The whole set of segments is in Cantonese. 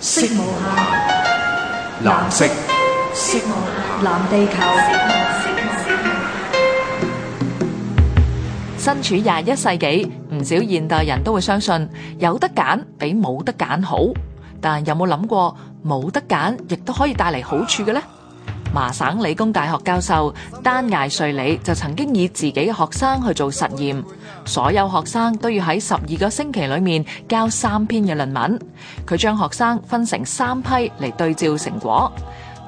色無限，藍色。色無限，藍地球。色地球色色身處廿一世紀，唔少現代人都會相信有得揀比冇得揀好，但有冇諗過冇得揀亦都可以帶嚟好處嘅呢？麻省理工大學教授丹艾瑞里就曾經以自己嘅學生去做實驗，所有學生都要喺十二個星期裏面交三篇嘅論文。佢將學生分成三批嚟對照成果。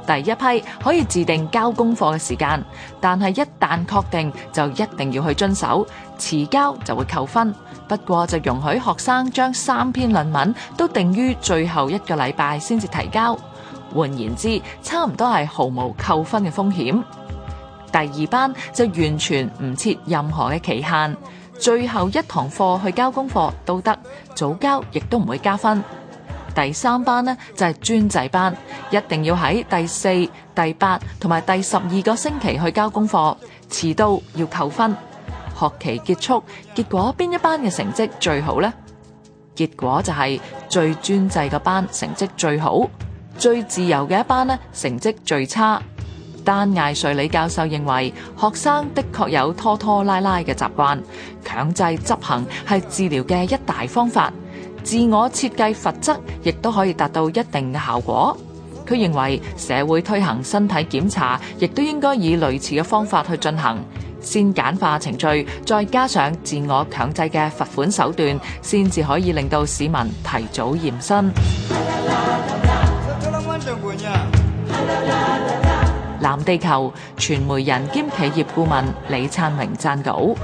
第一批可以自定交功課嘅時間，但係一旦確定就一定要去遵守，遲交就會扣分。不過就容許學生將三篇論文都定於最後一個禮拜先至提交。換言之，差唔多係毫無扣分嘅風險。第二班就完全唔設任何嘅期限，最後一堂課去交功課都得，早交亦都唔會加分。第三班呢就係專制班，一定要喺第四、第八同埋第十二個星期去交功課，遲到要扣分。學期結束，結果邊一班嘅成績最好呢？結果就係最專制嘅班成績最好。最自由嘅一班呢，成績最差。但艾瑞李教授認為，學生的確有拖拖拉拉嘅習慣，強制執行係治療嘅一大方法。自我設計罰則亦都可以達到一定嘅效果。佢認為，社會推行身體檢查，亦都應該以類似嘅方法去進行，先簡化程序，再加上自我強制嘅罰款手段，先至可以令到市民提早驗身。藍地球傳媒人兼企業顧問李燦榮撰稿。